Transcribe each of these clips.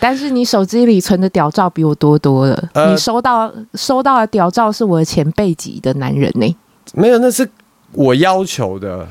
但是你手機裡存的屌照比我多多了。呃，你收到收到的屌照是我的前輩級的男人呢、欸。沒有，那是我要求的。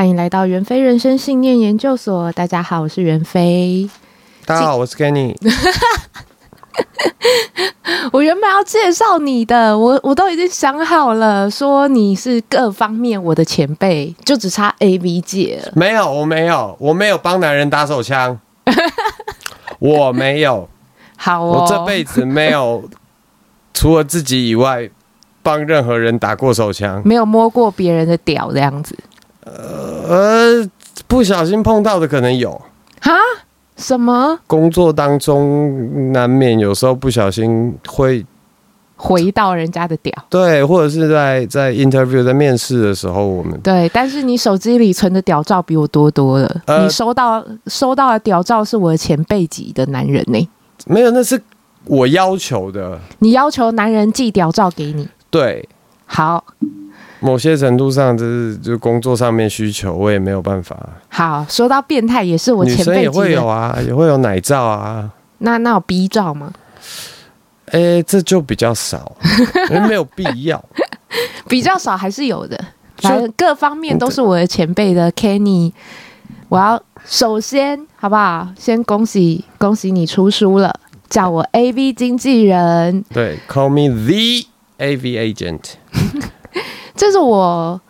歡迎來到元非人生信念研究所。大家好，我是元飛。大家好，我是 Kenny，我原本要介紹你的，我我都已經想好了，說你是各方面我的前輩，就只差 AV 界。沒有，我沒有，我沒有幫男人打手槍， 我沒有。好哦，我這輩子沒有， 除了自己以外，幫任何人打過手槍，沒有摸過別人的屌這樣子。呃，不小心碰到的可能有，哈？什麼？工作當中難免有時候不小心會回到人家的屌，對，或者是在在 interview 在面試的時候，我們對，但是你手機裡存的屌照比我多多了，呃、你收到收到的屌照是我的前輩級的男人呢、欸？沒有，那是我要求的，你要求男人寄屌照給你，對，好。某些程度上，就是，這是就工作上面需求，我也沒有辦法。好，說到變態，也是我前、前輩也會有啊，也會有奶照啊。那那有 B 照嗎？誒、欸，這就比較少， 沒有必要。比較少還是有的，就反正各方面都是我的前輩的 Kenny。我要首先好不好？先恭喜恭喜你出書了，叫我 AV 經紀人。對，Call me the AV agent。 這是我，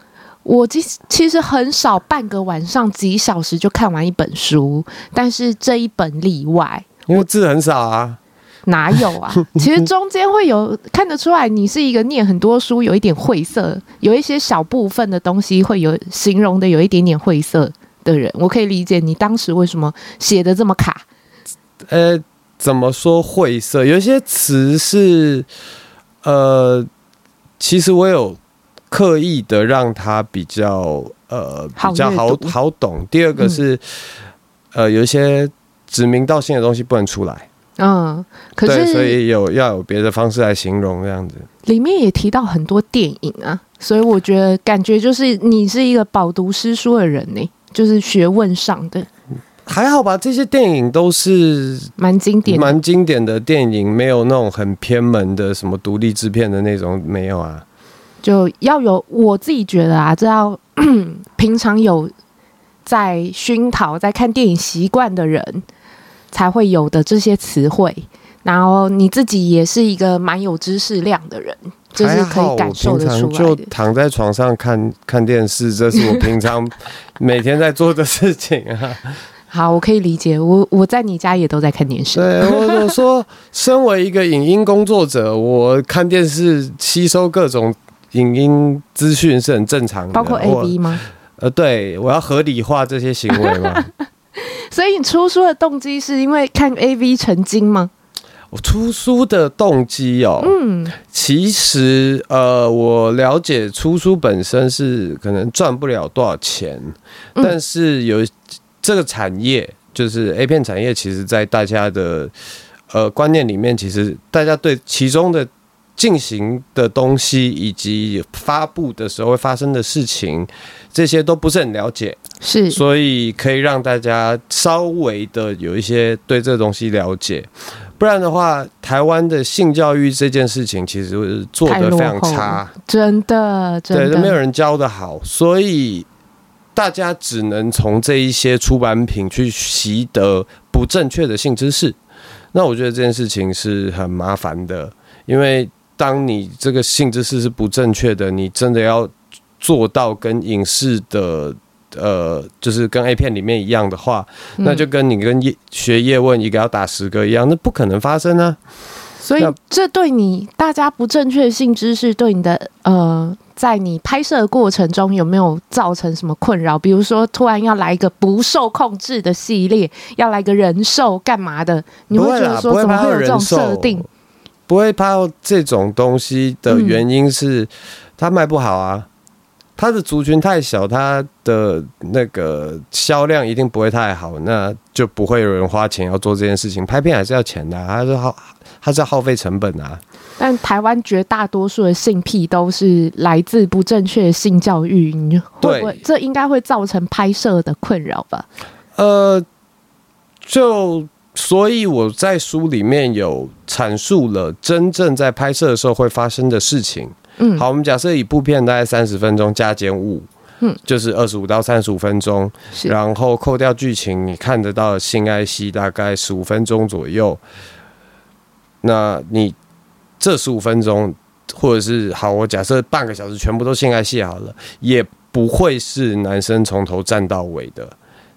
我其實其實很少半個晚上幾小時就看完一本書，但是這一本例外。因為字很少啊，哪有啊？ 其實中間會有看得出來，你是一個念很多書，有一點晦澀，有一些小部分的東西會有形容的有一點點晦澀的人，我可以理解你當時為什麼寫的這麼卡。呃，怎麼說晦澀？有一些詞是，呃，其實我有。刻意的讓他比較呃比較好好，好，好懂。第二個是、嗯、呃有一些指名道姓的東西不能出來。嗯，可是所以有要有別的方式來形容這樣子。裡面也提到很多電影啊，所以我覺得感覺就是你是一個飽讀詩書的人呢？欸，就是學問上的還好吧。這些電影都是蠻經典、蠻經典的電影，沒有那種很偏門的什麼獨立製片的那種沒有啊。就要有我自己覺得啊，這要平常有在熏陶、在看電影習慣的人才會有的這些詞彙。然後你自己也是一個蠻有知識量的人，好就是可以感受得出來的。我平常就躺在床上看看電視，這是我平常每天在做的事情啊。 好，我可以理解。我我在你家也都在看電視。對，我我說，身為一個影音工作者，我看電視吸收各種。影音資訊是很正常的，包括 A V 嗎？呃，對我要合理化這些行為嘛。 所以你出書的動機是因為看 A V 成精嗎？我出書的動機哦、喔，嗯，其實呃，我了解出書本身是可能賺不了多少錢，嗯、但是有這個產業，就是 A 片產業，其實，在大家的呃觀念裡面，其實大家對其中的。進行的東西以及發布的時候會發生的事情，這些都不是很了解。是所以可以讓大家稍微的有一些對這個東西了解，不然的話，台灣的性教育這件事情其實做得非常差，真的，真的對都沒有人教得好，所以大家只能從這一些出版品去習得不正確的性知識，那我覺得這件事情是很麻煩的，因為。當你這個性知識是是不正確的，你真的要做到跟影視的呃，就是跟 A 片裡面一樣的話，嗯、那就跟你跟葉學葉問一個要打十個一樣，那不可能發生啊。所以這對你那大家不正確性知識對你的呃，在你拍攝過程中有沒有造成什麼困擾？比如說突然要來一個不受控制的系列，要來個人獸幹嘛的？你會覺得說怎麼會有這種設定？不會拍這種東西的原因是，他賣不好啊，嗯、他的族群太小，他的那個銷量一定不會太好，那就不會有人花錢要做這件事情。拍片還是要錢的、啊，還是耗，還是耗費成本啊。但台灣絕大多數的性癖都是來自不正確性教育，你對會不會這應該會造成拍攝的困擾吧？呃，就。所以我在書裡面有闡述了真正在拍攝的時候會發生的事情。嗯，好，我們假設一部片大概三十分鐘加減五，嗯，就是二十五到三十五分鐘。然後扣掉劇情，你看得到的性愛戲大概十五分鐘左右。那你這十五分鐘，或者是好，我假設半個小時全部都性愛戲好了，也不會是男生從頭站到尾的。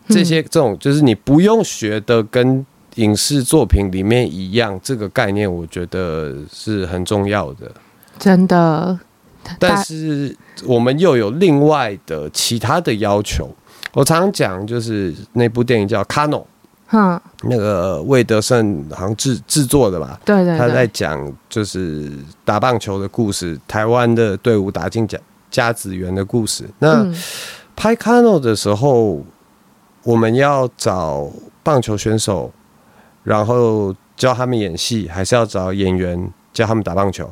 這些這種就是你不用學的跟。影視作品裡面一樣，這個概念我覺得是很重要的，真的。但是我們又有另外的其他的要求。我常講，就是那部電影叫《KANO》，嗯，那個魏德聖好像製製作的吧？對，對對。他在講就是打棒球的故事，台灣的隊伍打進甲、甲子園的故事。那拍《KANO》的時候，我們要找棒球選手。然後教他們演戲，還是要找演員教他們打棒球？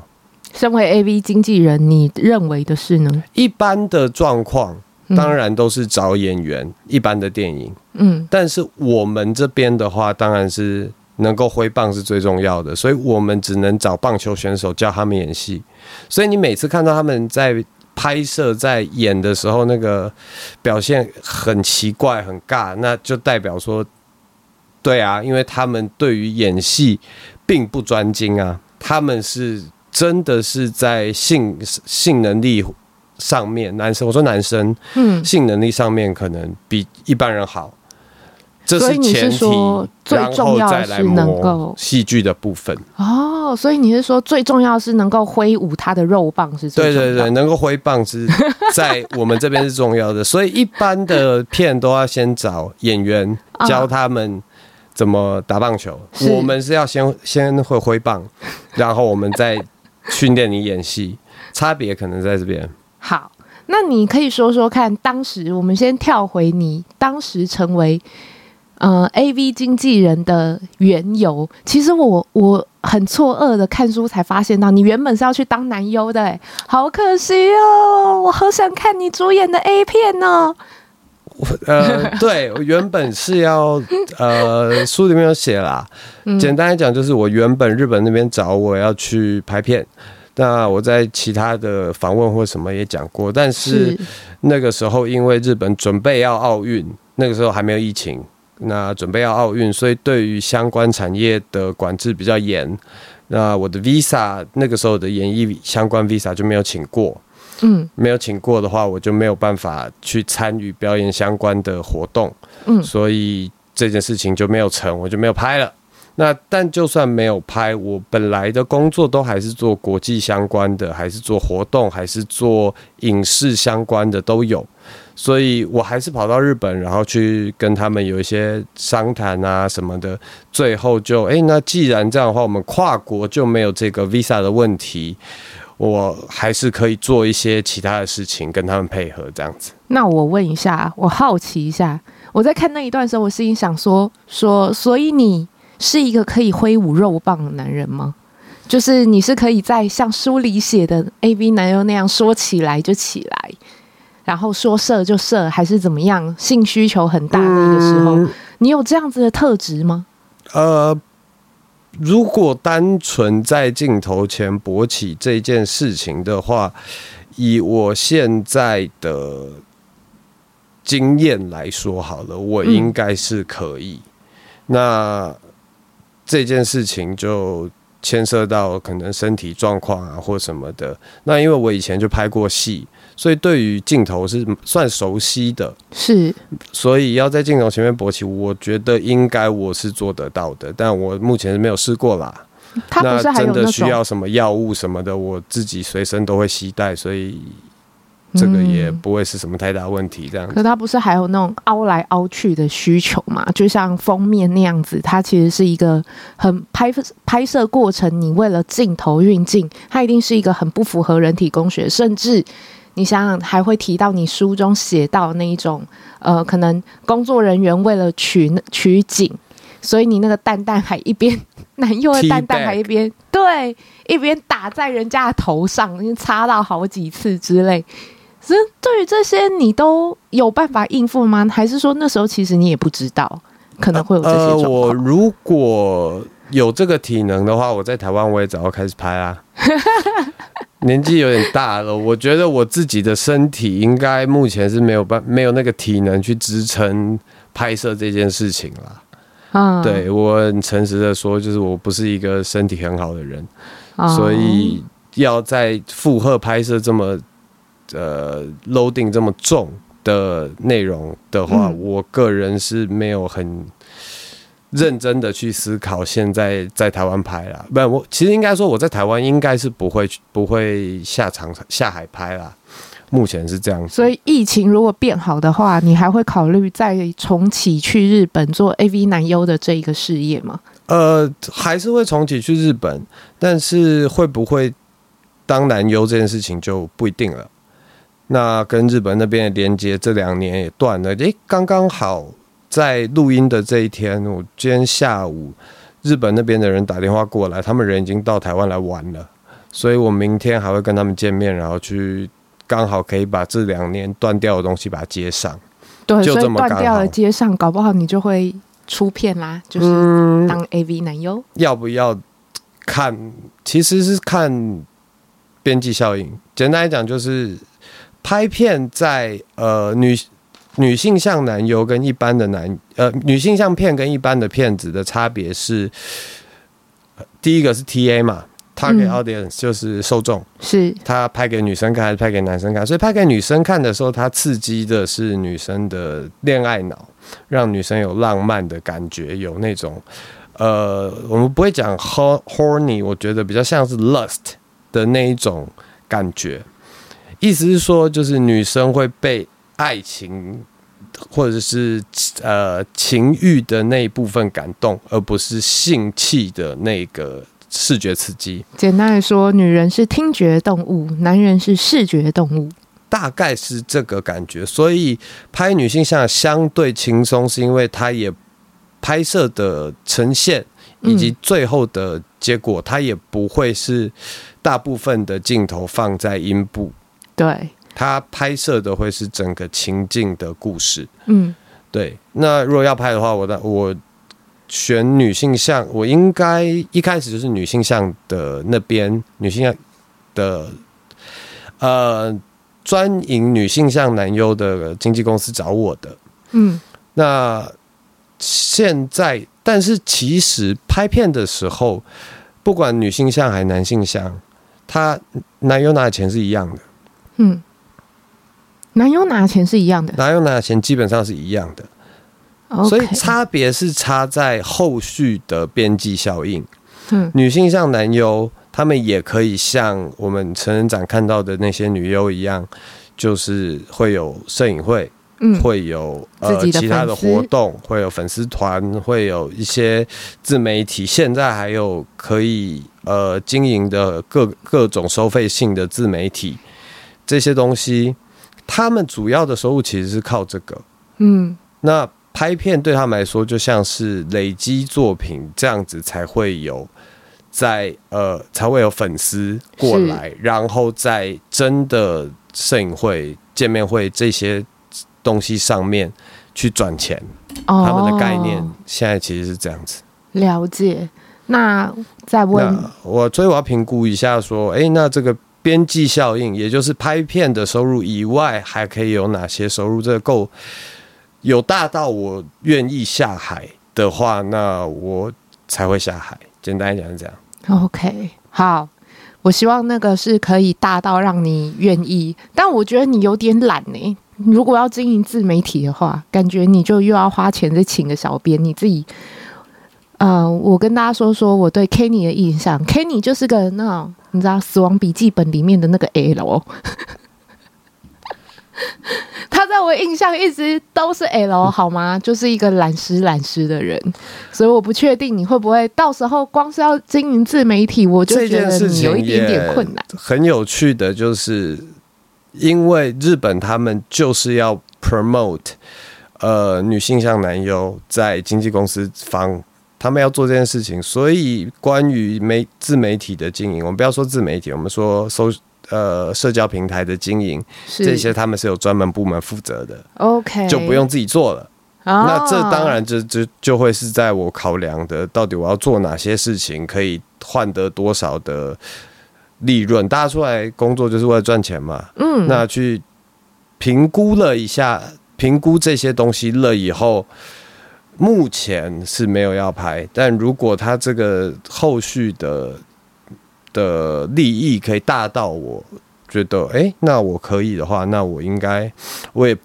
身為 AV 經紀人，你認為的是呢？一般的狀況當然都是找演員，嗯、一般的電影，嗯。但是我們這邊的話，當然是能夠揮棒是最重要的，所以我們只能找棒球選手教他們演戲。所以你每次看到他們在拍攝、在演的時候，那個表現很奇怪、很尬，那就代表說。對啊，因為他們對於演戲並不專精啊，他們是真的是在性性能力上面，男生我說男生，嗯，性能力上面可能比一般人好。這是前提，所以你是說最重要的是能夠，然後再來磨戲劇的部分哦。所以你是說最重要是能夠揮舞他的肉棒是最重要的？對對對，能夠揮棒是在我們這邊是重要的， 所以一般的片都要先找演員教他們、嗯。怎麼打棒球？是我們是要先先會揮棒，然後我們再訓練你演戲， 差別可能在這邊。好，那你可以說說看，當時我們先跳回你當時成為呃 AV 經紀人的緣由。其實我我很錯愕的看書才發現到，你原本是要去當男優的欸，好可惜喔，我好想看你主演的 A 片喔。我 呃，對，我原本是要，呃，書裡面有寫啦。簡單來講，就是我原本日本那邊找我要去拍片，那我在其他的訪問或什麼也講過，但是那個時候因為日本準備要奧運，那個時候還沒有疫情，那準備要奧運，所以對於相關產業的管制比較嚴，那我的 visa 那個時候的演藝相關 visa 就沒有請過。嗯，沒有請過的話，我就沒有辦法去參與表演相關的活動。嗯，所以這件事情就沒有成，我就沒有拍了。那但就算沒有拍，我本來的工作都還是做國際相關的，還是做活動，還是做影視相關的都有。所以我還是跑到日本，然後去跟他們有一些商談啊什麼的。最後就，哎，那既然這樣的話，我們跨國就沒有這個 visa 的問題。我還是可以做一些其他的事情，跟他們配合這樣子。那我問一下，我好奇一下，我在看那一段時候，我心裡想說說，所以你是一個可以揮舞肉棒的男人嗎？就是你是可以在像書裡寫的 AV 男優那樣，說起來就起來，然後說射就射，還是怎麼樣？性需求很大的一個時候，嗯、你有這樣子的特質嗎？呃。如果單純在鏡頭前勃起這件事情的話，以我現在的經驗來說，好了，我應該是可以。嗯、那這件事情就牽涉到可能身體狀況啊或什麼的。那因為我以前就拍過戲。所以對於鏡頭是算熟悉的，是，所以要在鏡頭前面勃起，我覺得應該我是做得到的，但我目前是沒有試過啦。他不是真的需要什麼藥物什麼的，我自己隨身都會攜帶，所以這個也不會是什麼太大問題。這樣、嗯，可他不是還有那種凹來凹去的需求嘛？就像封面那樣子，它其實是一個很拍拍攝過程，你為了鏡頭運鏡，它一定是一個很不符合人體工學，甚至。你想想，還會提到你書中寫到那一種，呃，可能工作人員為了取取景，所以你那個蛋蛋還一邊，男優的蛋蛋還一邊，對，一邊打在人家的頭上，擦到好幾次之類。所以對於這些，你都有辦法應付嗎？還是說那時候其實你也不知道可能會有這些、呃呃？我如果有這個體能的話，我在台灣我也早要開始拍啊。 年紀有點大了，我覺得我自己的身體應該目前是沒有辦沒有那個體能去支撐拍攝這件事情了。嗯、對我很誠實的說，就是我不是一個身體很好的人，嗯、所以要在負荷拍攝這麼呃 loading 這麼重的內容的話，嗯、我個人是沒有很。認真的去思考，現在在台灣拍了，不然我，我其實應該說我在台灣應該是不會不會下場下海拍了，目前是這樣。所以疫情如果變好的話，你還會考慮再重啟去日本做 AV 男優的這一個事業嗎？呃，還是會重啟去日本，但是會不會當男優這件事情就不一定了。那跟日本那邊的連接這兩年也斷了，哎、欸，剛剛好。在錄音的這一天，我今天下午日本那邊的人打電話過來，他們人已經到台灣來玩了，所以我明天還會跟他們見面，然後去剛好可以把這兩年斷掉的東西把它接上，對，就這麼斷掉了，接上，搞不好你就會出片啦，就是當 AV 男優、嗯，要不要看？其實是看邊際效應。簡單來講就是拍片在呃女女性向男優跟一般的男呃女性向片跟一般的片子的差別是，呃，第一個是 T A 嘛 target audience，嗯、就是受眾，是他拍給女生看還是拍給男生看。所以拍給女生看的時候，他刺激的是女生的戀愛腦，讓女生有浪漫的感覺，有那種呃我們不會講 horny，我覺得比較像是 lust 的那一種感覺，意思是說就是女生會被。愛情，或者是呃情慾的那一部分感動，而不是性器的那個視覺刺激。簡單來說，女人是聽覺動物，男人是視覺動物，大概是這個感覺。所以拍女性像相對輕鬆，是因為她也拍攝的呈現以及最後的結果，嗯、她也不會是大部分的鏡頭放在陰部。對。他拍攝的會是整個情境的故事，嗯，對。那如果要拍的話，我的我選女性像，我應該一開始就是女性像的那邊女性像的，呃，專營女性像男優的經紀公司找我的，嗯。那現在，但是其實拍片的時候，不管女性像還是男性像，他男優拿的錢是一樣的，嗯。男優拿錢是一樣的，男優拿錢基本上是一樣的，Okay 所以差別是差在後續的邊際效應。嗯、女性像男優，他們也可以像我們成人展看到的那些女優一樣，就是會有攝影會，嗯、會有呃其他的活動，會有粉絲團，會有一些自媒體，現在還有可以呃經營的各各種收費性的自媒體這些東西。他們主要的收入其實是靠這個，嗯，那拍片對他們來說就像是累積作品，這樣子才會有在呃才會有粉絲過來，是然後在真的攝影會見面會這些東西上面去賺錢。哦，他們的概念現在其實是這樣子。了解。那再問，我所以我要評估一下，說，哎，欸，那這個。邊際效應，也就是拍片的收入以外，還可以有哪些收入？這個夠有大到我願意下海的話，那我才會下海。簡單講是這樣。OK，好，我希望那個是可以大到讓你願意，但我覺得你有點懶哎、欸。如果要經營自媒體的話，感覺你就又要花錢再請個小編，你自己。嗯、呃，我跟大家說說我對 Kenny 的印象，Kenny 就是個那種。你知道《死亡筆記本》裡面的那個 L， 他在我印象一直都是 L 好嗎？ 就是一個懶實懶實的人，所以我不確定你會不會到時候光是要經營自媒體，我就覺得你有一點點困難。很有趣的就是，因為日本他們就是要 promote，呃，女性向男優在經紀公司方，他們要做這件事情，所以關於媒自媒體的經營，我們不要說自媒體，我們說搜呃社交平台的經營，是這些他們是有專門部門負責的。OK，就不用自己做了。Oh，那這當然就就就會是在我考量的，到底我要做哪些事情可以換得多少的利潤？大家出來工作就是為了賺錢嘛。嗯，那去評估了一下，評估這些東西了以後。目前是沒有要拍，但如果他這個後續的的利益可以大到我覺得，哎、欸，那我可以的話，那我應該我也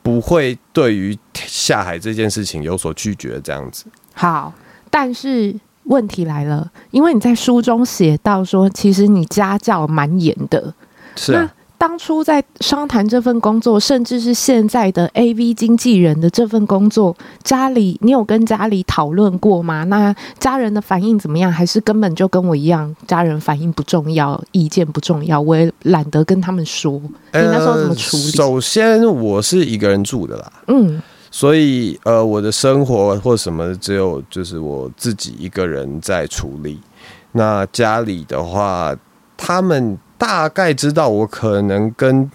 不會對於下海這件事情有所拒絕，這樣子。好，但是問題來了，因為你在書中寫到說，其實你家教蠻嚴的。是啊。當初在商談這份工作，甚至是現在的 AV 經紀人的這份工作，家裡你有跟家裡討論過嗎？那家人的反應怎麼樣？還是根本就跟我一樣，家人反應不重要，意見不重要，我也懶得跟他們說。你那時候怎麼處理？呃、首先，我是一個人住的啦，嗯，所以呃，我的生活或什麼，只有就是我自己一個人在處理。那家裡的話，他們。大概知道我可能跟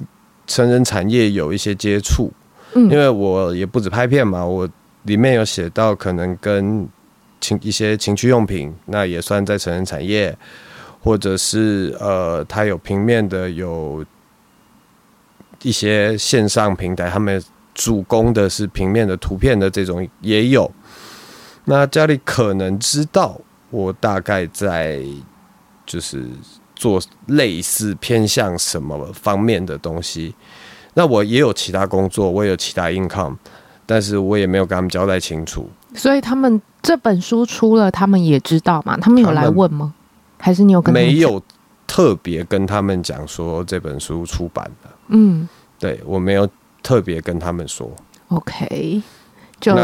成人產業有一些接觸，嗯，因為我也不止拍片嘛，我裡面有寫到可能跟情一些情趣用品，那也算在成人產業，或者是呃，他有平面的，有一些線上平台，他們主攻的是平面的圖片的這種也有。那家裡可能知道我大概在就是。做類似偏向什麼方面的東西？那我也有其他工作，我也有其他 income，但是我也沒有跟他們交代清楚。所以他們這本書出了，他們也知道嗎？他們有來問嗎？還是你有跟他們沒有特別跟他們講說這本書出版的。嗯，對我沒有特別跟他們說。OK，就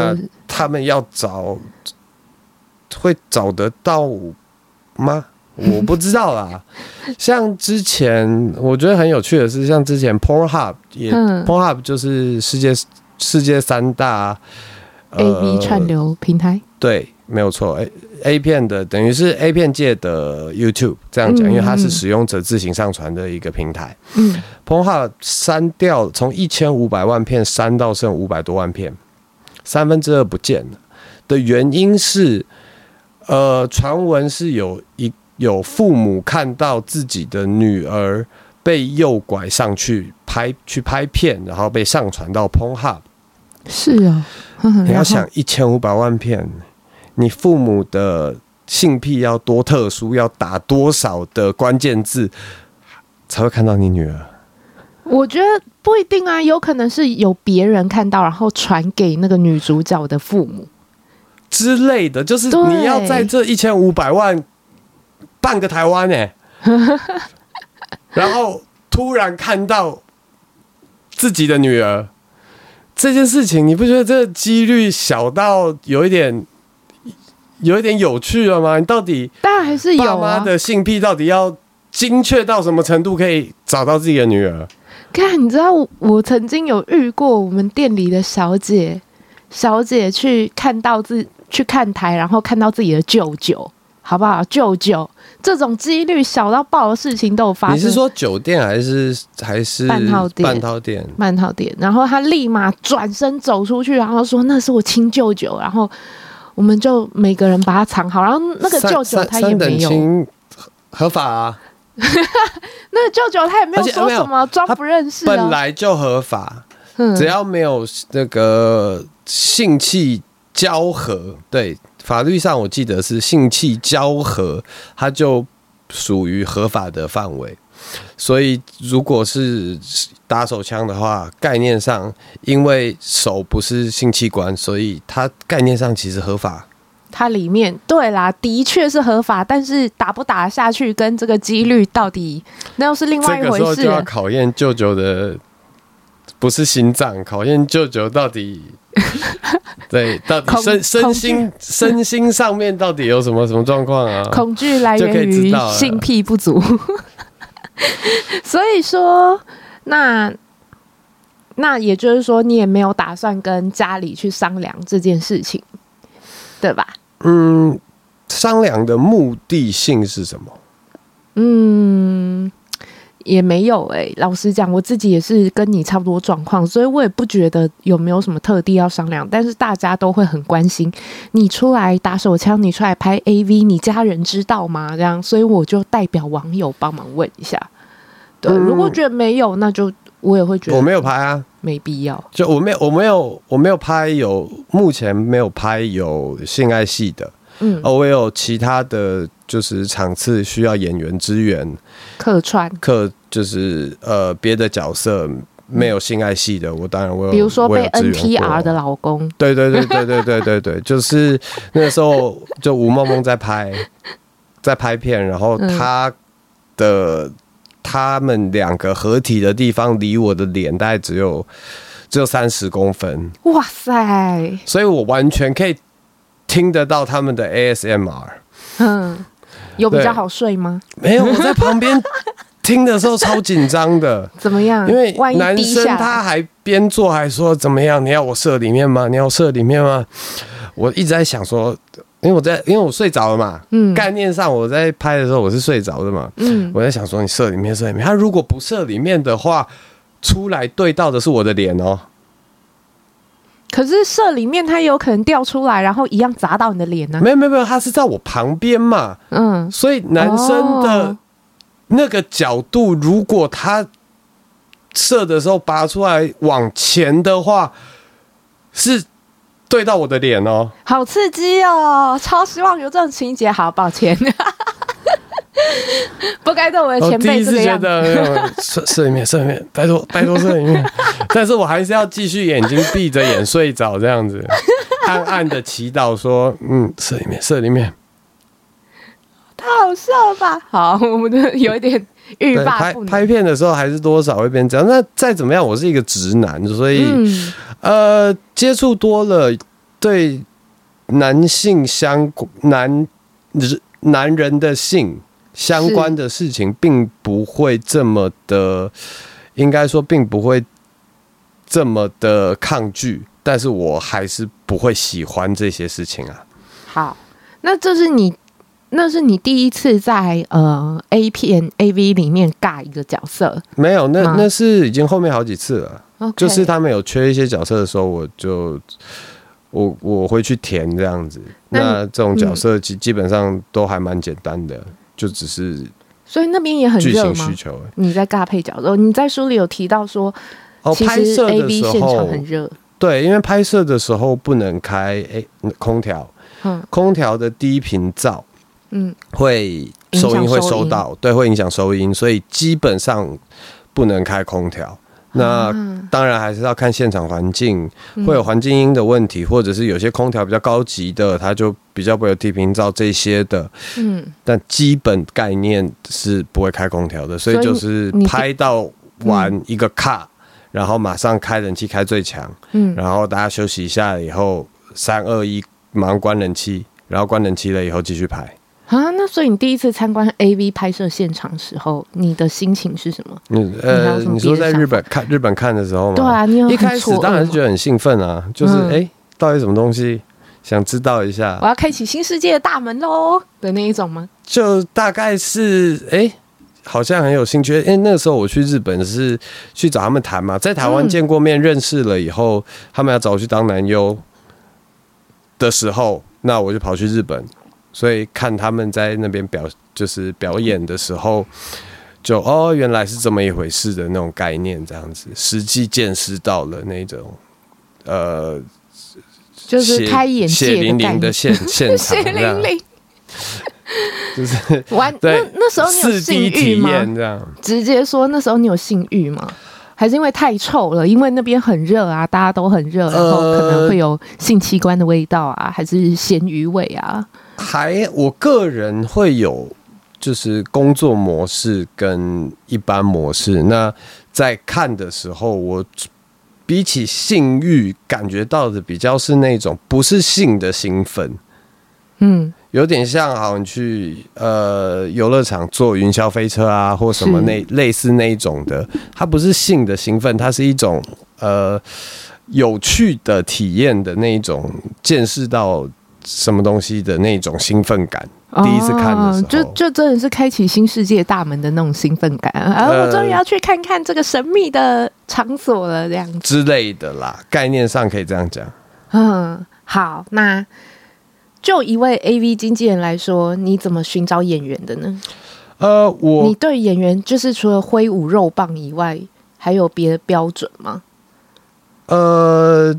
他們要找會找得到嗎？ 我不知道啦，像之前我覺得很有趣的是，像之前 PornHub 也、嗯、PornHub 就是世界世界三大、呃、AV 串流平台，對，沒有錯。A A 片的等於是 A 片界的 YouTube，這樣講，嗯、因為它是使用者自行上傳的一個平台。嗯，PornHub 刪掉從一千五百萬片刪到剩五百多萬片，三分之二不見了的原因是，呃，傳聞是有一。有父母看到自己的女兒被誘拐上去拍去拍片，然後被上傳到 Pornhub 是啊、哦。呵呵你要想一千五百萬片，然後你父母的性癖要多特殊，要打多少的關鍵字才會看到你女兒？我覺得不一定啊，有可能是有別人看到，然後傳給那個女主角的父母之類的，就是你要在這一千五百萬。半個台灣呢、欸， 然後突然看到自己的女兒這件事情，你不覺得這幾率小到有一點有一點有趣了嗎？你到底，當然還是有啊。爸媽的性癖到底要精確到什麼程度可以找到自己的女兒？看、啊，你知道我我曾經有遇過我們店裡的小姐，小姐去看到自去看台，然後看到自己的舅舅，好不好？舅舅。這種幾率小到爆的事情都有發生。你是說酒店還是還是半套店？半套店，半套店。然後他立馬轉身走出去，然後說那是我親舅舅。然後我們就每個人把他藏好。然後那個舅舅他也沒有說什麼，裝、啊、不認識、啊。本來就合法，只要沒有那個性器交合，對。法律上，我記得是性器交合，它就屬於合法的範圍。所以，如果是打手槍的話，概念上，因為手不是性器官，所以它概念上其實合法。它裡面對啦，的確是合法，但是打不打下去，跟這個幾率到底，那又是另外一回事。這個時候就要考驗舅舅的。不是心臟考驗，舅舅到底 對，到底身懼身心懼身心上面到底有什麼什麼狀況啊？ 恐懼來源於性癖不足， 所以說，那那也就是說，你也沒有打算跟家裡去商量這件事情，對吧？嗯，商量的目的性是什麼？嗯。也沒有哎、欸，老實講，我自己也是跟你差不多狀況，所以我也不覺得有沒有什麼特地要商量。但是大家都會很關心，你出來打手槍，你出來拍 AV，你家人知道嗎？這樣，所以我就代表網友幫忙問一下。對，如果覺得沒有，嗯、那就我也會覺得我沒有拍啊，沒必要。就我沒有，我沒有，我沒有拍有，目前沒有拍有性愛戲的。嗯，我有其他的就是場次需要演員支援。客串客就是呃、別的角色沒有性愛戲的，嗯、我當然我有比如說被 NTR 的老公，對，對對對對對對對對， 就是那個時候就吳夢夢在拍在拍片，然後他的、嗯、他們兩個合體的地方離我的臉大概只有只有三十公分，哇塞，所以我完全可以聽得到他們的 ASMR，嗯。有比較好睡嗎？沒有、欸，我在旁邊聽的時候超緊張的。 怎麼樣？因為男生他還邊做還說怎麼樣？你要我射裡面嗎？你要射裡面嗎？我一直在想說，因為我在因為我睡着了嘛，嗯、概念上我在拍的時候我是睡着的嘛，嗯、我在想說你射裡面射裡面，他如果不射裡面的話，出來對到的是我的臉哦、喔。可是射裡面，它有可能掉出來，然後一樣砸到你的臉呢、啊。沒有沒有沒有，他是在我旁邊嘛。嗯，所以男生的那個角度，哦、如果他射的時候拔出來往前的話，是對到我的臉哦。好刺激哦！超希望有這種情節好。好抱歉。 不該對我的前輩這樣。睡裡面睡裡面睡裡面，拜托拜托睡裡面。 但是我還是要繼續眼睛閉着眼睡着這樣子， 暗暗的祈禱說：“嗯，睡裡面睡裡面。睡裡面”太好笑了吧？好，我們有一點欲罷不能 拍拍片的時候還是多少會變這樣。那再怎麼樣，我是一個直男，所以、嗯、呃，接觸多了，對男性相男男人的性。相關的事情並不會這麼的，是應該說並不會這麼的抗拒，但是我還是不會喜歡這些事情啊。好，那這是你那是你第一次在呃 A 片 A V 裡面尬一個角色？沒有，那、嗯、那是已經後面好幾次了。Okay. 就是他們有缺一些角色的時候我，我就我我會去填這樣子。那，你那這種角色基基本上都還蠻簡單的。嗯就只是，所以那邊也很熱嗎？需求，你在尬配角度，你在書裡有提到說，其實 AV 現場哦，拍攝的時候很熱，對，因為拍攝的時候不能開誒空調，空調的低頻噪，嗯，會收音會收到，收對，會影響收音，所以基本上不能開空調。那當然還是要看現場環境，會有環境音的問題，或者是有些空調比較高級的，它就比較不會有低頻噪這些的。嗯，但基本概念是不會開空調的，嗯，所以就是拍到完一個卡，嗯，然後馬上開冷氣開最強，嗯，然後大家休息一下以後，三二一，馬上關冷氣，然後關冷氣了以後繼續拍。啊，那所以你第一次參觀 AV 拍攝現場的時候，你的心情是什麼？你呃，你，你說在日本看日本看的時候嗎？對啊，你有。一開始當然是覺得很興奮啊，就是哎、嗯欸，到底什麼東西？想知道一下，我要開啟新世界的大門嘍的那一種嗎？就大概是哎、欸，好像很有興趣。因、欸、為那個時候我去日本是去找他們談嘛，在台灣見過面、嗯、認識了以後，他們要找我去當男優的時候，那我就跑去日本。所以看他們在那邊表就是表演的時候，就哦原來是這麼一回事的那種概念，這樣子實際見識到了那種，呃，就是血開眼界的感覺，血淋淋的現現場這樣，血淋淋這樣就是玩。對那那時候你有性慾嗎？直接說，那時候你有性慾嗎？還是因為太臭了，因為那邊很熱啊，大家都很熱，呃、然後可能會有性器官的味道啊，還是鹹魚味啊？還我個人會有，就是工作模式跟一般模式。那在看的時候，我比起性欲感覺到的比較是那種不是性的興奮，嗯。有點像，好像去呃遊樂場坐雲霄飛車啊，或什麼那是類似那一種的，它不是性的興奮，它是一種呃有趣的體驗的那一種，見識到什麼東西的那種興奮感。哦、第一次看的時候，就就真的是開啟新世界大門的那種興奮感啊！我終於要去看看這個神秘的場所了，這樣子、呃、之類的啦，概念上可以這樣講。嗯，好，那。就一位 AV 經紀人來說，你怎麼尋找演員的呢？呃，我你對演員就是除了揮舞肉棒以外，還有別的標準嗎？呃，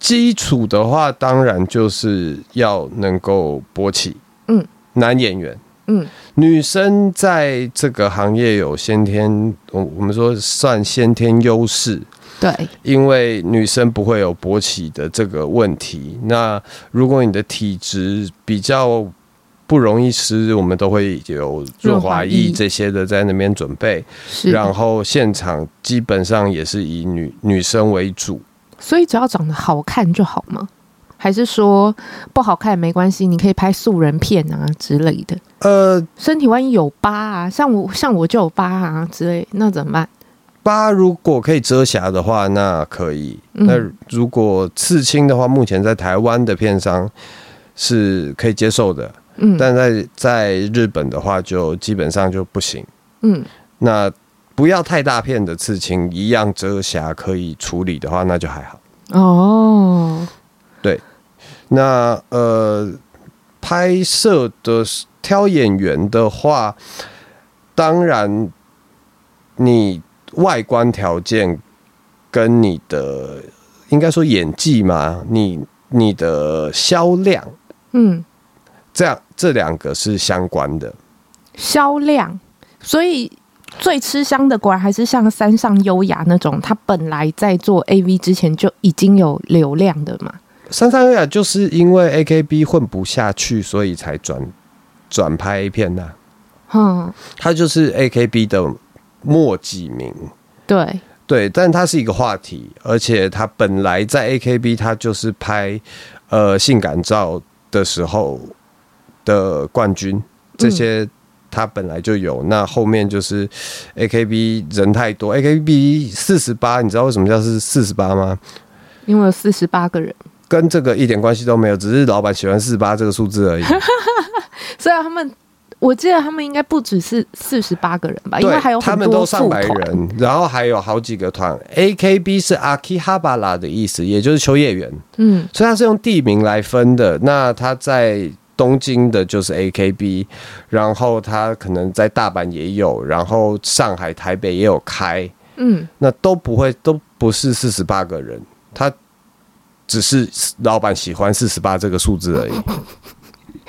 基礎的話，當然就是要能夠勃起。嗯，男演員，嗯，女生在這個行業有先天，我我們說算先天優勢。對，因為女生不會有勃起的這個問題。那如果你的體質比較不容易濕，我們都會有潤滑液這些的在那邊準備。是，然後現場基本上也是以女女生為主。所以只要長得好看就好嗎？還是說不好看也沒關係？你可以拍素人片啊之類的。呃，身體萬一有疤啊，像我像我就有疤啊之類，那怎麼辦？八如果可以遮瑕的話，那可以。嗯，那如果刺青的話，目前在台灣的片商，是可以接受的。嗯，但在在日本的話，就基本上就不行。嗯，那不要太大片的刺青，一樣遮瑕可以處理的話，那就還好。哦，對，那呃，拍攝的挑演員的話，當然你。外觀條件跟你的應該說演技嘛，你你的銷量，嗯，這樣這兩個是相關的。銷量，所以最吃香的果然還是像三上悠亞那種，他本來在做 AV 之前就已經有流量的嘛。三上悠亞就是因為 AKB 混不下去，所以才轉轉拍 A 片呢、啊。嗯，他就是 AKB 的。墨幾名，明對對，但它是一個話題，而且他本來在 A K B 他就是拍呃性感照的時候的冠軍，這些他本來就有。嗯、那後面就是 A K B 人太多，A K B 四十八，你知道為什麼叫是四十八嗎？因為有四十八個人，跟這個一點關係都沒有，只是老板喜歡四十八這個數字而已。 所以他們。我記得他們應該不只是四十八個人吧，應該對還有很多副團，他們都上百人，然後還有好幾個團。A K B 是阿基哈巴拉的意思，也就是秋葉原，嗯，所以他是用地名來分的。那他在東京的就是 A K B，然後他可能在大阪也有，然後上海、台北也有開，嗯，那都不會都不是四十八個人，他只是老板喜歡四十八這個數字而已。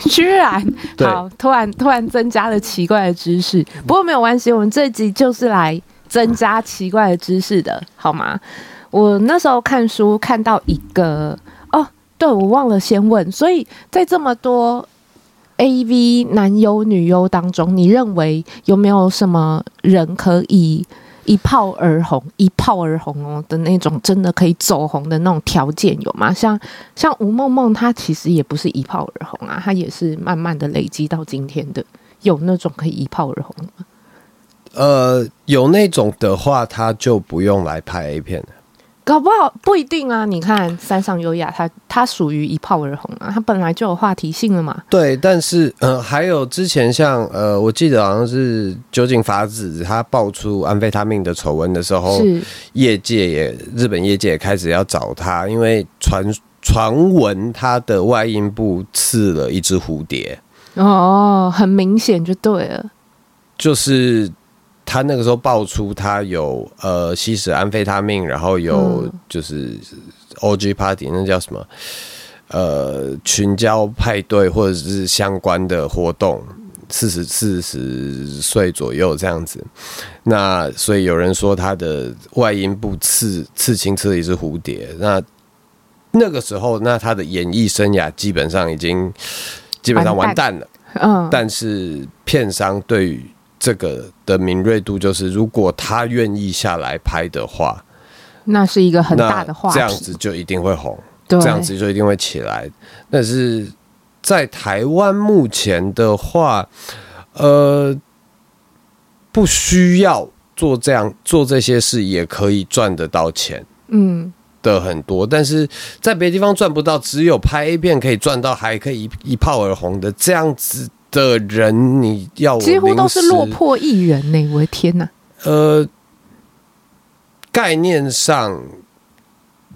居然好，突然突然增加了奇怪的知識，不過沒有關係，我們這一集就是來增加奇怪的知識的，好嗎？我那時候看書看到一個哦，對，我忘了先問，所以在這麼多 AV 男優女優當中，你認為有沒有什麼人可以？一炮而紅，一炮而紅哦、喔、的那種，真的可以走紅的那種條件有嗎？像像吳夢夢，她其實也不是一炮而紅啊，她也是慢慢的累積到今天的。有那種可以一炮而紅嗎？呃，有那種的話，他就不用來拍 A 片了。搞不好不一定啊！你看三上悠亞，他它屬於一炮而紅啊，他本來就有話題性了嘛。對，但是呃，還有之前像呃，我記得好像是酒井法子他爆出安非他命的醜聞的時候，是業界也日本業界也開始要找他，因為傳傳聞他的外陰部刺了一隻蝴蝶。哦，很明顯就對了，就是。他那個時候爆出他有呃吸食安非他命，然後有就是 OG party，那叫什麼呃群交派對或者是相關的活動，四十四十歲左右這樣子。那所以有人說他的外陰部刺刺青刺了一隻蝴蝶。那那個時候，那他的演藝生涯基本上已經基本上完蛋了。嗯，uh. 但是片商對於這個的敏銳度就是，如果他願意下來拍的話，那是一個很大的話，這樣子就一定會紅，對這樣子就一定會起來。但是在台灣目前的話，呃，不需要做這樣做這些事，也可以賺得到錢，嗯，的很多，嗯、但是在別的地方賺不到，只有拍 A 片可以賺到，還可以一一炮而紅的這樣子。的人，你要幾乎都是落魄藝人呢、欸！我的天吶、啊，呃，概念上，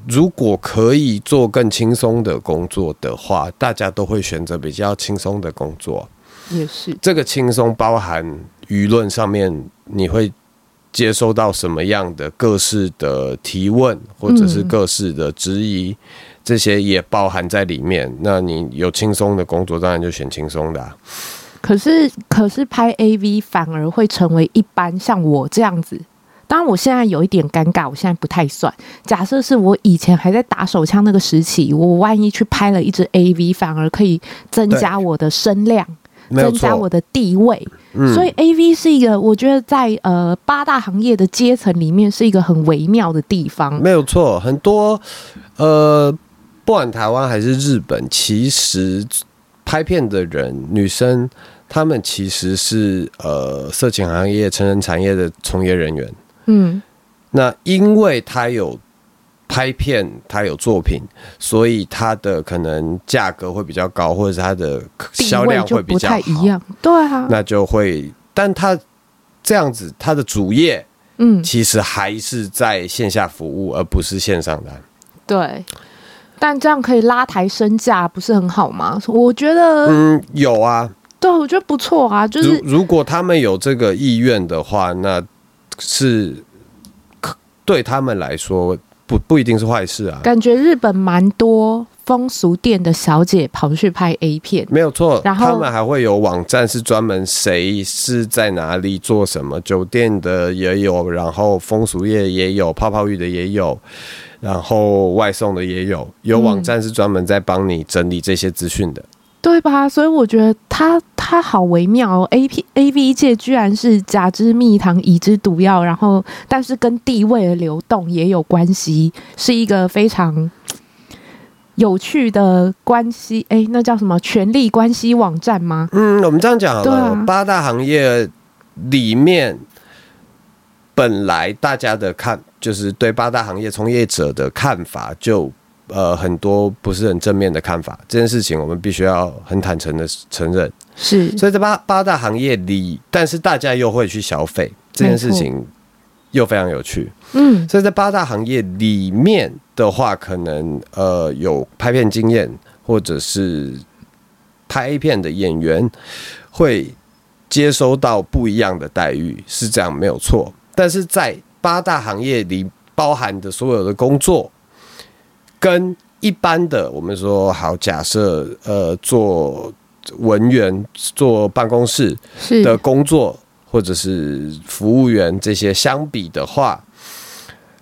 如果可以做更輕鬆的工作的話，大家都會選擇比較輕鬆的工作。也是這個輕鬆包含輿論上面，你會接收到什麼樣的各式的提問，或者是各式的質疑。嗯這些也包含在裡面。那你有輕鬆的工作，當然就選輕鬆的啊。可是，可是拍 AV 反而會成為一般像我這樣子。當然，我現在有一點尷尬，我現在不太算。假設是我以前還在打手槍那個時期，我萬一去拍了一支 AV，反而可以增加我的聲量，增加我的地位。嗯。所以，AV 是一個我覺得在呃八大行業的階層裡面是一個很微妙的地方。沒有錯，很多呃。不管台灣還是日本，其實拍片的人，女生，她們其實是呃色情行業成人產業的從業人員。嗯，那因為她有拍片，她有作品，所以他的可能價格會比較高，或者是他的銷量會比較好，不太一樣。對啊，那就會，但他這樣子，他的主業，嗯，其實還是在線下服務，而不是線上的。對。但這樣可以拉抬身價，不是很好嗎？我覺得，嗯，有啊，對，我覺得不錯啊。就是如果他們有這個意願的話，那是對他們來說不不一定是壞事啊。感覺日本蠻多風俗店的小姐跑去拍 A 片，沒有錯。然後他們還會有網站，是專門誰是在哪裡做什麼酒店的也有，然後風俗業也有，泡泡浴的也有。然後外送的也有，有網站是專門在幫你整理這些資訊的，嗯、對吧？所以我覺得它它好微妙哦。A P A V 界居然是甲之蜜糖，乙之毒藥，然後但是跟地位的流動也有關係，是一個非常有趣的關係。哎，那叫什麼權力關係網站嗎？嗯，我們這樣講好、哦，對啊、八大行業裡面本來大家的看。就是對八大行業從業者的看法就，就呃很多不是很正面的看法。這件事情我們必須要很坦誠的承認。是，所以在八八大行業裡，但是大家又會去消費這件事情，又非常有趣。嗯，沒錯，所以在八大行業裡面的話，可能呃有拍片經驗或者是拍片的演員會接收到不一樣的待遇，是這樣沒有錯。但是在八大行業裡包含的所有的工作，跟一般的我們說好，假設呃做文員、做辦公室的工作，是或者是服務員這些相比的話，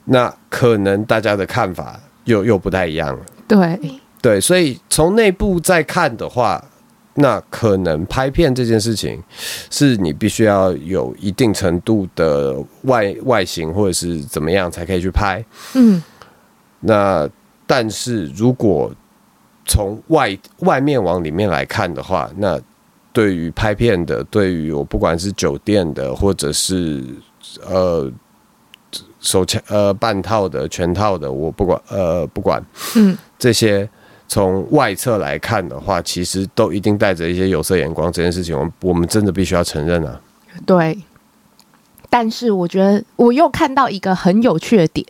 那可能大家的看法又又不太一樣了。對對，所以從內部再看的話。那可能拍片這件事情，是你必須要有一定程度的外外形或者是怎麼樣才可以去拍。嗯，那但是如果從外外面往裡面來看的話，那對於拍片的，對於我不管是酒店的，或者是呃手槍呃半套的、全套的，我不管呃不管，嗯這些。從外側來看的話，其實都一定帶着一些有色眼光，這件事情我們我們真的必須要承認啊。對，但是我覺得我又看到一個很有趣的點，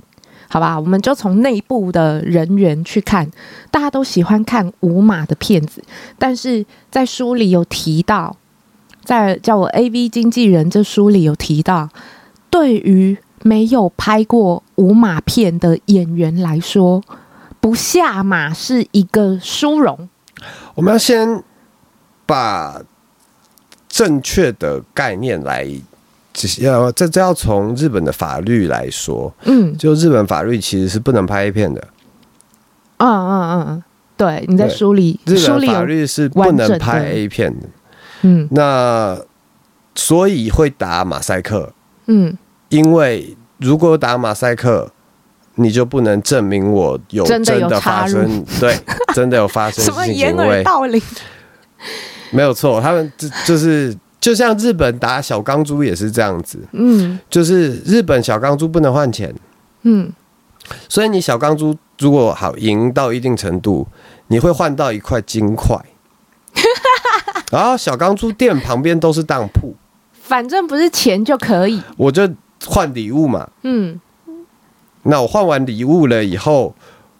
好吧，我們就從內部的人員去看，大家都喜歡看無碼的片子，但是在書裡有提到，在叫我 AV 經紀人這書裡有提到，對於沒有拍過無碼片的演員來說。不下馬是一個殊榮。我們要先把正確的概念來，要這這要從日本的法律來說。嗯，就日本法律其實是不能拍 A 片的。嗯嗯嗯，對，你在梳理日本法律是不能拍 A 片的。的嗯，那所以會打馬賽克。嗯，因為如果打馬賽克。你就不能證明我有真的發生？ 對，真的有發生 什麼掩耳盜鈴，為沒有錯，他們就、就是就像日本打小鋼珠也是這樣子。嗯，就是日本小鋼珠不能換錢。嗯，所以你小鋼珠如果好贏到一定程度，你會換到一塊金塊。 然後小鋼珠店旁邊都是當鋪，反正不是錢就可以，我就換禮物嘛。嗯。那我換完禮物了以後，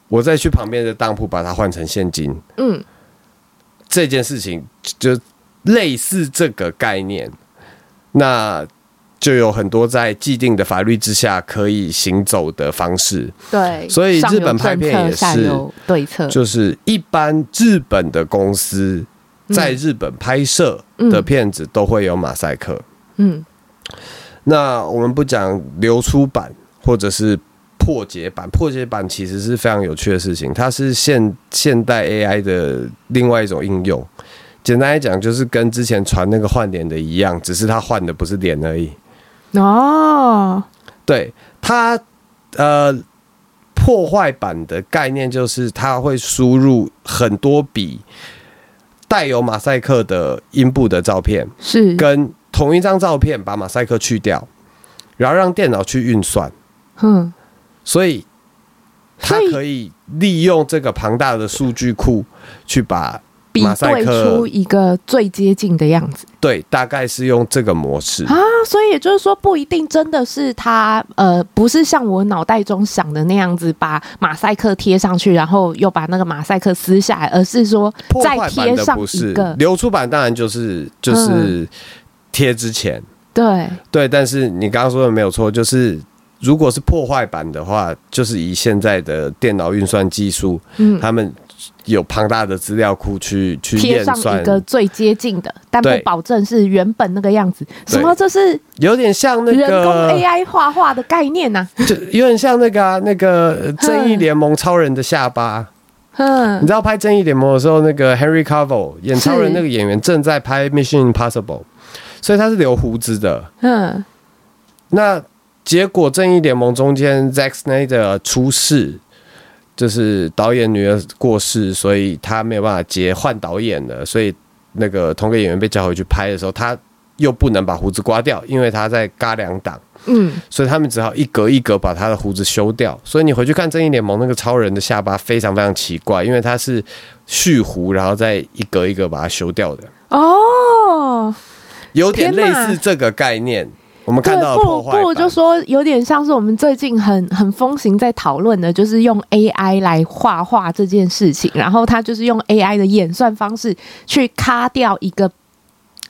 我再去旁邊的當鋪把它換成現金。嗯，這件事情就類似這個概念，那就有很多在既定的法律之下可以行走的方式。對，所以日本拍片也是對策，就是一般日本的公司在日本拍攝的片子都會有馬賽克。嗯。嗯，那我們不講流出版或者是。破解版，破解版其實是非常有趣的事情，它是現現代 AI 的另外一種應用。簡單來講，就是跟之前傳那個換臉的一樣，只是它換的不是臉而已。哦，對，它呃，破壞版的概念就是它會輸入很多筆帶有馬賽克的陰部的照片，是跟同一張照片把馬賽克去掉，然後讓電腦去運算。嗯。所以，他可以利用這個龐大的數據庫去把馬賽克比對出一個最接近的樣子。對，大概是用這個模式啊。所以也就是說，不一定真的是他呃，不是像我腦袋中想的那樣子，把馬賽克貼上去，然後又把那個馬賽克撕下來，而是說再貼上一個。破壞版的不是。流出版當然就是就是貼之前，嗯、對對。但是你剛剛說的沒有錯，就是。如果是破壞版的話，就是以現在的電腦運算技術，嗯、他們有龐大的資料庫去去驗算，上一個最接近的，對但不保證是原本那個樣子。對什麼？這是畫畫、啊、有點像那個人工 AI 畫畫的概念呢？就有點像那個那個正義聯盟超人的下巴。嗯，你知道拍正義聯盟的時候，那個 Henry Cavill 演超人那個演員正在拍是《Mission Impossible》，所以他是留鬍子的。嗯呵，那。結果正義聯盟中間，Zack Snyder 出事，就是導演女兒過世，所以他沒有辦法接換導演了。所以那個通告演員被叫回去拍的時候，他又不能把鬍子刮掉，因為他在軋兩檔。嗯，所以他們只好一格一格把他的鬍子修掉。所以你回去看正義聯盟，那個超人的下巴非常非常奇怪，因為他是蓄鬍，然後再一格一格把它修掉的。哦，有點類似這個概念。我們看到破壞，不就是說有點像是我們最近很很風行在討論的，就是用 AI 來畫畫這件事情。然後他就是用 AI 的演算方式去卡掉一個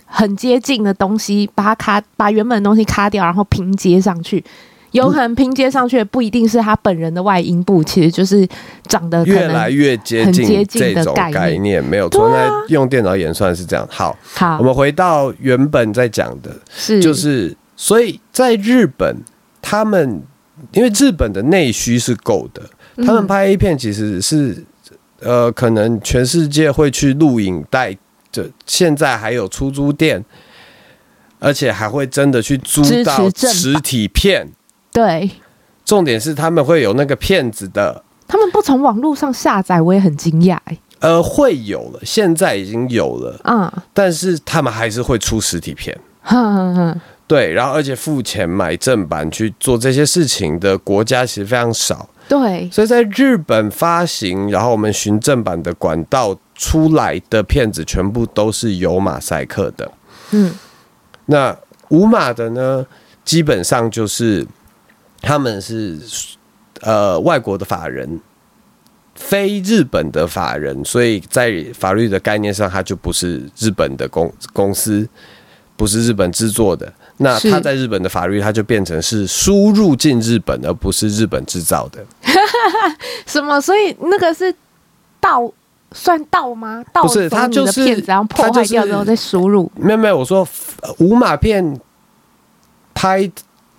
很接近的東西，把它卡，把原本的東西卡掉，然後拼接上去，有可能拼接上去的不一定是他本人的外陰部，嗯、其實就是長得越來越接近接近的概念。沒有，從、啊、來用電腦演算是這樣。好，好，我們回到原本在講的，是就是。所以在日本，他們因為日本的內需是夠的，他們拍 A 片其實是、嗯、呃，可能全世界會去錄影帶，這現在還有出租店，而且還會真的去租到實體片。對，重點是他們會有那個片子的。他們不從網絡上下載，我也很驚訝、欸、呃，會有了，了現在已經有了，啊、嗯，但是他們還是會出實體片。呵呵呵對，然後而且付錢買正版去做這些事情的國家其實非常少。對，所以在日本發行，然後我們循正版的管道出來的片子，全部都是有馬賽克的。嗯，那無碼的呢，基本上就是他們是呃外國的法人，非日本的法人，所以在法律的概念上，它就不是日本的公公司，不是日本製作的。那他在日本的法律，他就變成是輸入進日本，而不是日本製造的是。 什麼？所以那個是盜算盜嗎？不是，他就是騙子，然後破壞掉之後再輸入。沒有沒有，我說無碼片，拍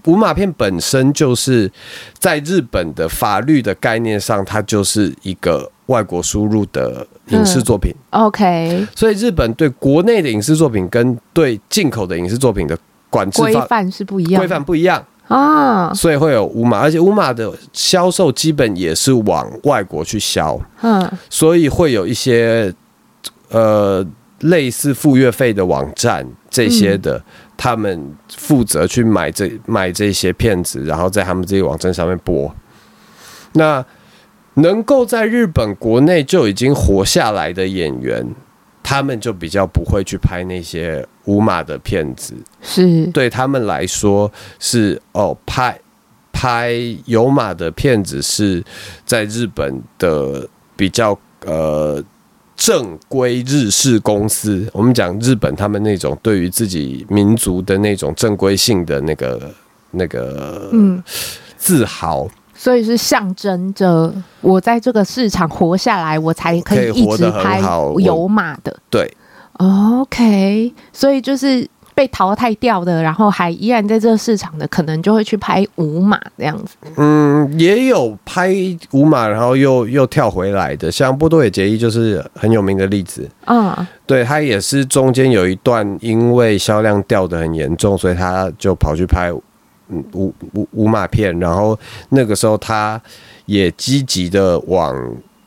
無碼片本身就是在日本的法律的概念上，它就是一個外國輸入的影視作品。嗯、OK，所以日本對國內的影視作品跟對進口的影視作品的。管規範是不一樣，規範不一樣啊，所以會有無碼，而且無碼的銷售基本也是往外國去銷，嗯，啊、所以會有一些呃類似付月費的網站這些的，嗯、他們負責去買這買這些片子，然後在他們這些網站上面播。那能夠在日本國內就已經活下來的演員，他們就比較不會去拍那些。無碼的片子，是對他們來說是哦，拍拍有碼的片子是在日本的比較呃，正規日式公司，我們講日本，他們那種對於自己民族的那種正規性的那個那個嗯自豪嗯，所以是象徵着我在這個市場活下來，我才可以一直拍有碼的，對。OK，所以就是被淘汰掉的然後還依然在這個市場的，可能就會去拍無碼這樣子。嗯，也有拍無碼，然後又又跳回來的，像波多野結衣就是很有名的例子。嗯、啊，對，他也是中間有一段因為銷量掉得很嚴重，所以他就跑去拍無無無碼片，然後那個時候他也積極地往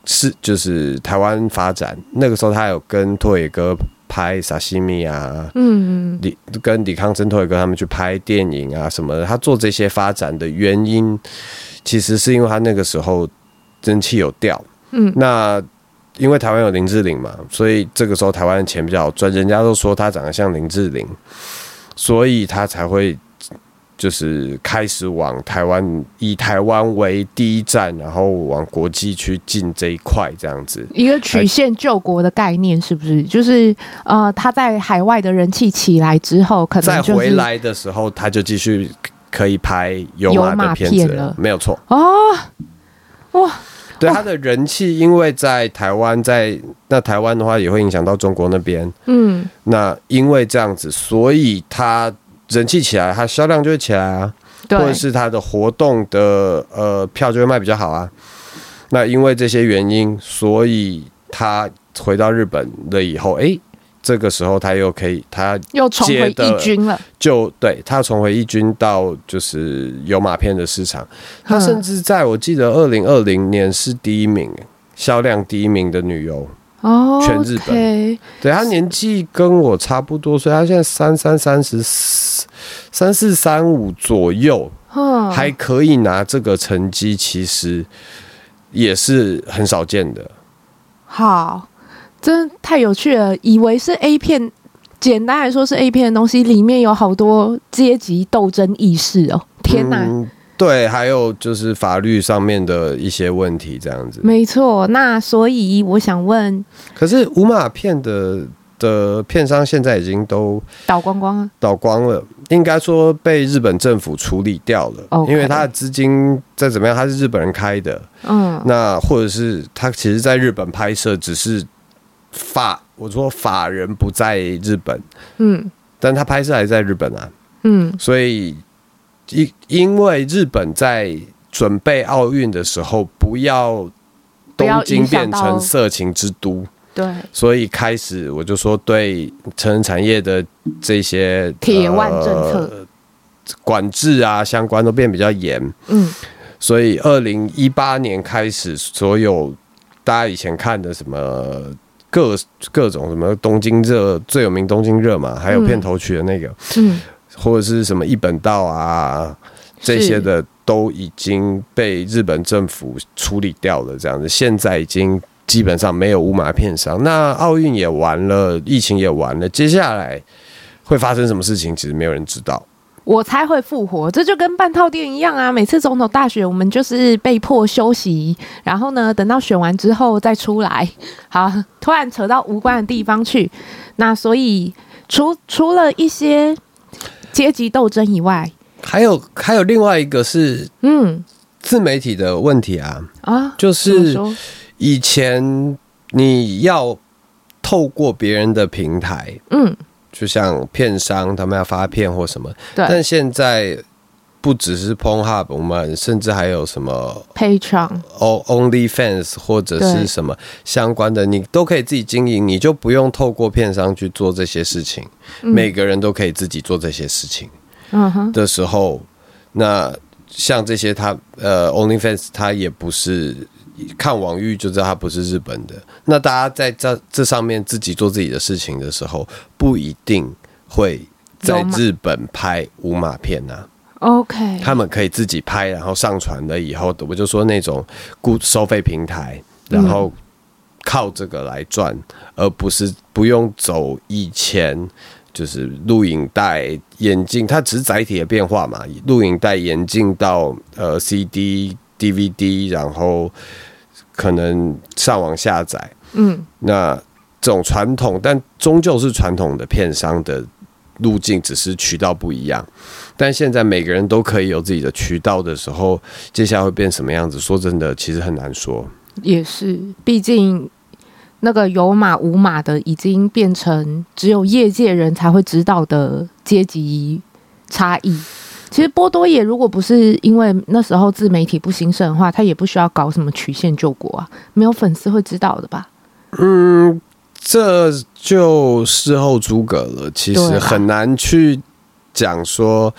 是，就是台灣發展。那個時候他有跟拓野哥。拍沙西米啊，嗯，嗯，李，李跟李康生、拓也哥他們去拍電影啊什麼的。他做這些發展的原因，其實是因為他那個時候人氣有掉，嗯，嗯那，那因為台灣有林志玲嘛，所以這個時候台灣的錢比較好賺，人家都說他長得像林志玲，所以他才會。就是開始往台灣，以台灣為第一站，然後往國際去進這一塊，這樣子一個曲線救國的概念是不是？它就是呃，他在海外的人氣起來之後，可能、就是、再回來的時候，他就繼續可以拍有碼的片子了，沒有錯啊、哦。哇，對他的人氣，因為在台灣，在那台灣的話也會影響到中國那邊，嗯，那因為這樣子，所以他。人氣起來，它銷量就會起來啊，對或者是它的活動的呃票就會賣比較好啊。那因為這些原因，所以他回到日本了以後，誒、欸，這個時候他又可以他接的又重回一軍了，就對他重回一軍到就是有碼片的市場，他甚至在我記得二零二零年是第一名，銷量第一名的女優。哦，全日本，okay, 對，他年紀跟我差不多是所以他現在三三三十三四三五左右，呵還可以拿這個成績，其實也是很少見的。好，真是太有趣了！以為是 A 片，簡單來說是 A 片的東西，裡面有好多階級鬥爭意識哦，天哪！嗯對，還有就是法律上面的一些問題，這樣子。沒錯，那所以我想問，可是無碼片的的片商現在已經都倒光光了，倒光了，應該說被日本政府處理掉了，Okay 因為他的資金再怎麼樣，他是日本人開的，嗯，那或者是他其實在日本拍攝，只是法我說法人不在日本，嗯，但他拍攝還在日本啊，嗯，所以。因因為日本在準備奧運的時候，不要東京變成色情之都，對，所以開始我就說對成人產業的這些鐵腕政策管制啊，相關都變比較嚴，嗯，所以二零一八年開始，所有大家以前看的什麼各各種什麼東京熱最有名，東京熱嘛，還有片頭曲的那個，嗯。嗯或者是什麼一本道啊，這些的都已經被日本政府處理掉了。這樣子，現在已經基本上沒有無碼片商。那奧運也完了，疫情也完了，接下來會發生什麼事情？其實沒有人知道。我猜會復活，這就跟半套店一樣啊。每次總統大選，我們就是被迫休息，然後呢，等到選完之後再出來。好，突然扯到無關的地方去。那所以除，除除了一些。階級鬥爭以外，還有還有另外一個是，嗯，自媒體的問題啊、嗯、啊，就是以前你要透過別人的平台，嗯，就像片商他們要發片或什麼，對但現在。不只是 Pornhub，我們甚至還有什麼 Patreon OnlyFans 或者是什麼相關的，你都可以自己經營，你就不用透過片商去做這些事情。嗯、每個人都可以自己做這些事情的時候，uh huh、那像這些他呃 OnlyFans，他也不是看網域就知道他不是日本的。那大家在這這上面自己做自己的事情的時候，不一定會在日本拍無碼片吶、啊。OK，他們可以自己拍，然後上傳了以後，我就說那種固收費平台，然後靠這個來賺，嗯、而不是不用走以前就是錄影帶、眼鏡，它只是載體的變化嘛。錄影帶、眼鏡到呃 CD、DVD，然後可能上網下載，嗯，那這種傳統，但終究是傳統的片商的路徑，只是渠道不一樣。但現在每個人都可以有自己的渠道的時候，接下來會變什麼樣子？說真的，其實很難說。也是，畢竟那個有碼無碼的已經變成只有業界人才會知道的階級差異。其實波多野如果不是因為那時候自媒體不興盛的話，他也不需要搞什麼曲線救國啊，沒有粉絲會知道的吧？嗯，這就事後諸葛了，其實，對吧？很難去講說，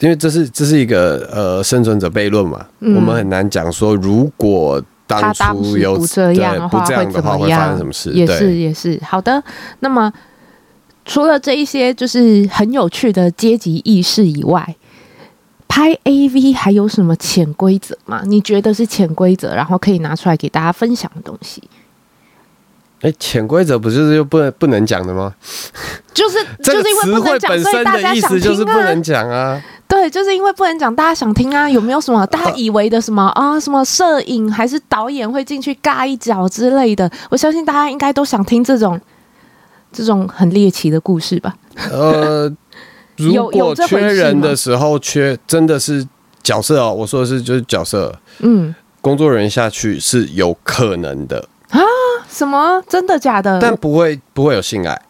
因為這是這是一個呃生存者悖論嘛，嗯、我們很難講說，如果當初有他當時不這樣的話，不這樣的話會怎麼樣？發生什麼事？對，也是也是。好的，那麼除了這一些就是很有趣的階級意識以外，拍 AV 還有什麼潛規則嗎？你覺得是潛規則，然後可以拿出來給大家分享的東西？哎，潛規則不就是又不能不能講的嗎？就是 這個詞彙本身的意思就是不能講啊。就是因為不能講，所以大家想聽啊。對，就是因為不能講，大家想聽啊。有沒有什麼大家以為的什麼啊、呃哦？什麼攝影還是導演會進去尬一腳之類的？我相信大家應該都想聽這種這種很獵奇的故事吧。 呃，如果缺人的時候缺真的是角色哦、喔，我說的是就是角色，嗯，工作人員下去是有可能的。什麼？真的假的？但不會不會有性愛，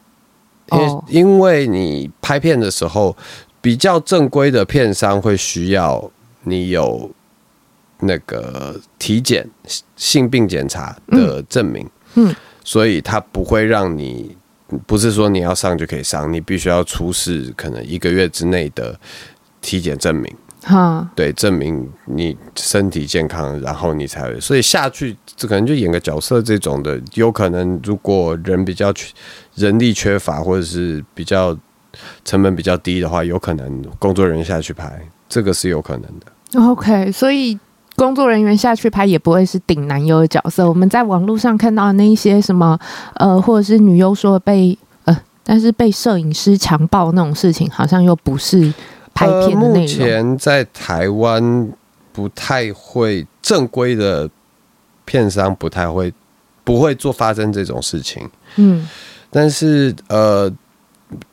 因因為你拍片的時候，比較正規的片商會需要你有那個體檢、性病檢查的證明。嗯，嗯，所以他不會讓你，不是說你要上就可以上，你必須要出示可能一個月之內的體檢證明。哈，對，證明你身體健康，然後你才會，所以下去，這可能就演個角色這種的，有可能如果人比較人力缺乏或者是比較成本比較低的話，有可能工作人員下去拍，這個是有可能的。OK，所以工作人員下去拍也不會是頂男優的角色。我們在網絡上看到那一些什麼，呃，或者是女優說被呃，但是被攝影師強暴那種事情，好像又不是。拍片的呃，目前在台灣不太會正規的片商不太會不會做發生這種事情，嗯，但是呃，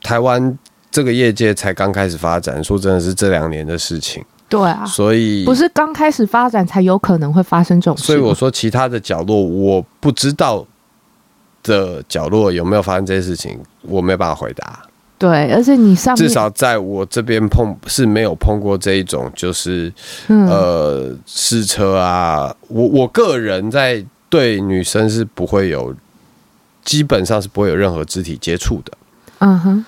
台灣這個業界才剛開始發展，說真的是這兩年的事情，對啊，所以不是剛開始發展才有可能會發生這種事，所以我說其他的角落我不知道的角落有沒有發生這些事情，我沒有辦法回答。對，而且你上面至少在我這邊碰是沒有碰過這一種，就是、嗯、呃試車啊，我我個人在對女生是不會有，基本上是不會有任何肢體接觸的，嗯哼，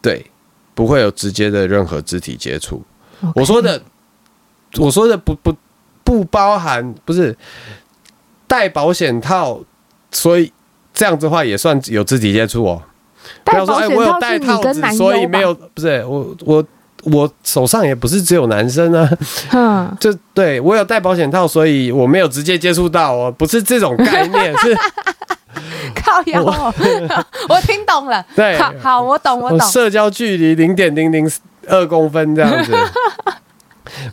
對，不會有直接的任何肢體接觸。Okay. 我說的，我說的不不不包含不是帶保險套，所以這樣子的話也算有肢體接觸哦。戴保險套，說我有戴套子，你跟男友吧，所以沒有，不是，我我我手上也不是只有男生啊。嗯，就對，我有戴保險套，所以我沒有直接接觸到，哦。不是這種概念，是靠腰。我我聽懂了， 對，好，好，我懂我懂。社交距離零點零零二公分這樣子。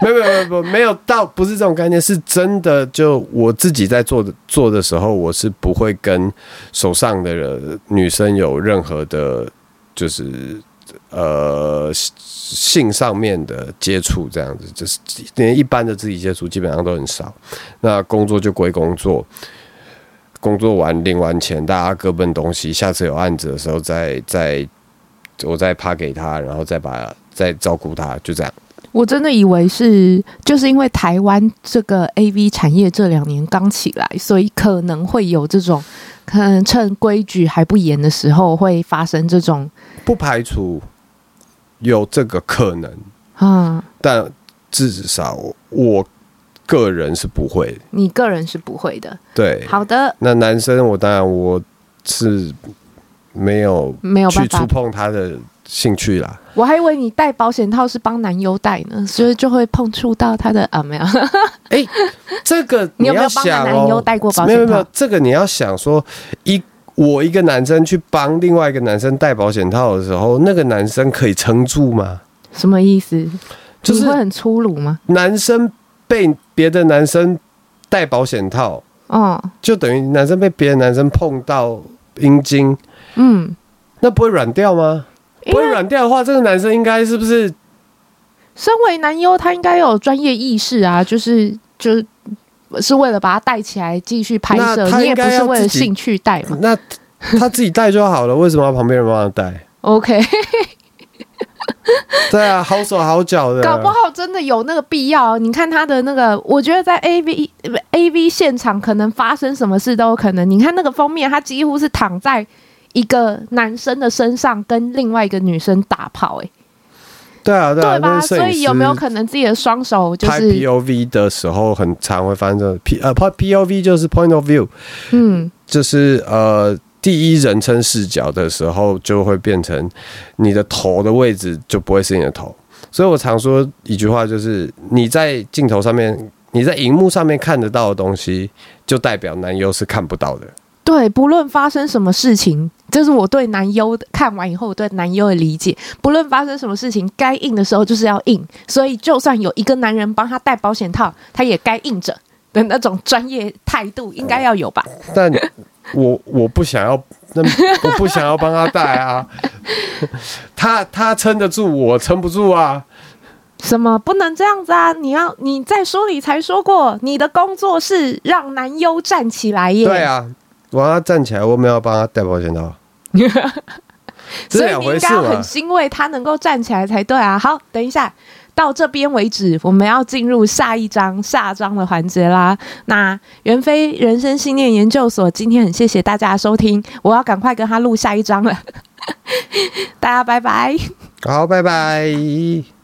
沒有，沒有，沒有，沒有，倒，不是這種概念，是真的。就我自己在做做的時候，我是不會跟手上的人、女生有任何的，就是呃性上面的接觸，這樣子，就是連一般的肢體接觸基本上都很少。那工作就歸工作，工作完領完錢，大家各奔東西。下次有案子的時候，再再我再趴給他，然後再把再照顧他，就這樣。我真的以為是，就是因為台灣這個 AV 產業這兩年剛起來，所以可能會有這種，可能趁規矩還不嚴的時候會發生這種，不排除有這個可能啊。嗯，但至少我個人是不會，你個人是不會的。對，好的。那男生，我當然我是沒有沒有辦法觸碰他的，爸爸的。興趣啦！我還以為你戴保險套是幫男優戴呢，所以就會碰觸到他的啊沒有？哎、 欸，這個你要幫、哦、你有沒有幫男優戴過保險套，沒有，沒有？這個你要想說，一我一個男生去幫另外一個男生戴保險套的時候，那個男生可以撐住嗎？什麼意思？就是會很粗魯嗎？男生被別的男生戴保險套，嗯、哦，就等於男生被別的男生碰到陰莖，嗯，那不會軟掉嗎？因為軟掉的話，這個男生應該是不是？身為男優，他應該有專業意識啊，就是就是是為了把他帶起來繼續拍攝，他你也不是為了興趣帶嘛。那他自己帶就好了， 為什麼要旁邊人幫他帶？OK 。對啊，好手好腳的，搞不好真的有那個必要。你看他的那個，我覺得在 AV AV 現場可能發生什麼事都有可能。你看那個封面，他幾乎是躺在。一個男生的身上跟另外一個女生打炮，欸，對啊，對啊，對吧？所以有沒有可能自己的雙手就是 P O V 的時候，很常會發生這種 P 呃拍 P O V 就是 point of view，嗯，就是呃第一人稱視角的時候，就會變成你的頭的位置就不會是你的頭。所以我常說一句話，就是你在鏡頭上面、你在熒幕上面看得到的東西，就代表男優是看不到的。對，不論發生什麼事情，這、就是我對男優看完以後我對男優的理解。不論發生什麼事情，該硬的時候就是要硬，所以就算有一個男人幫他戴保險套，他也該硬着的那種專業態度應該要有吧？嗯、但我，我我不想要，那 我不想要幫他戴啊。 他他撐得住，我撐不住啊。什麼不能這樣子啊？你要你在書裡才說過，你的工作是讓男優站起來耶。對啊。我要站起來，我們要幫他戴保險套。所以你應該很欣慰他能夠站起來才對啊。好，等一下到這邊為止，我們要進入下一章、下章的環節啦。那元非人生信念研究所今天很謝謝大家的收聽，我要趕快跟他錄下一章了，大家拜拜，好拜拜。